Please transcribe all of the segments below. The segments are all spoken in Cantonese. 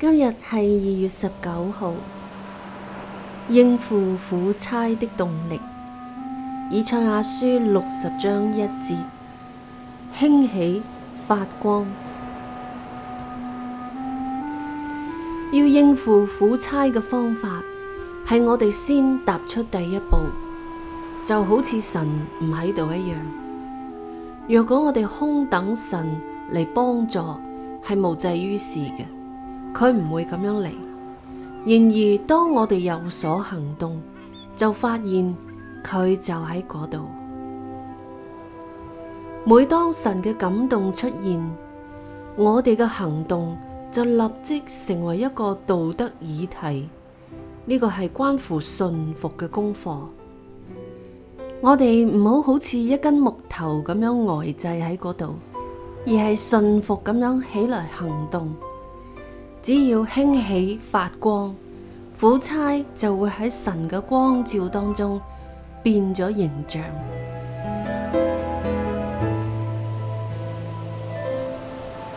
今日係二月十九號，應付苦差的動力。以賽亞書六十章一節，興起發光。要應付苦差嘅方法，係我哋先踏出第一步，就好似神唔喺度一樣。若果我哋空等神嚟幫助，係無濟於事嘅。佢唔會咁樣嚟。然而，當我哋有所行動，就發現佢就喺嗰度。每當神嘅感動出現，我哋嘅行動就立即成為一個道德議題。呢、這個係關乎信服嘅功課。我哋唔好好似一根木頭咁樣呆滯喺嗰度，而係信服咁樣起來行動。只要興起發光，苦差就會喺神嘅光照當中變咗形象。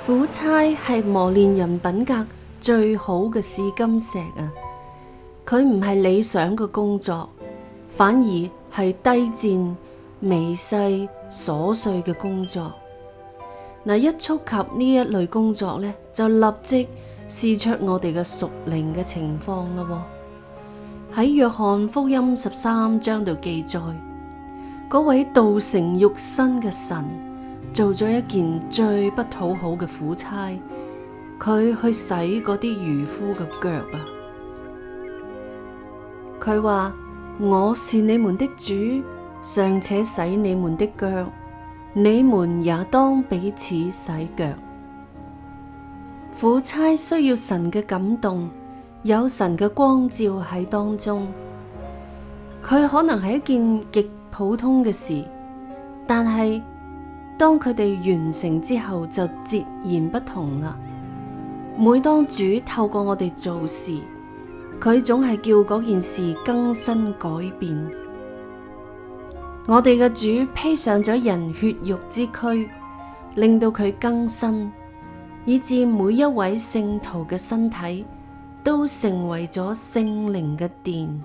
苦差係磨練人品格最好嘅試金石啊！佢唔係理想嘅工作，反而係低賤、微細、瑣碎嘅工作。嗱，一觸及呢一類工作咧，就立即。試出我哋嘅屬靈嘅情況咯喎，喺約翰福音十三章度記載，嗰位道成肉身嘅神做咗一件最不討好嘅苦差，佢去洗嗰啲漁夫嘅腳啊！佢話：我是你們的主，尚且洗你們的腳，你們也當彼此洗腳。苦差需要神嘅感動，有神嘅光照喺當中。佢可能係一件極普通嘅事，但係當佢哋完成之後就截然不同啦。每當主透過我哋做事，佢總係叫嗰件事更新改變。我哋嘅主披上咗人血肉之軀，令到佢更新。以致每一位聖徒嘅身體都成為咗聖靈嘅殿。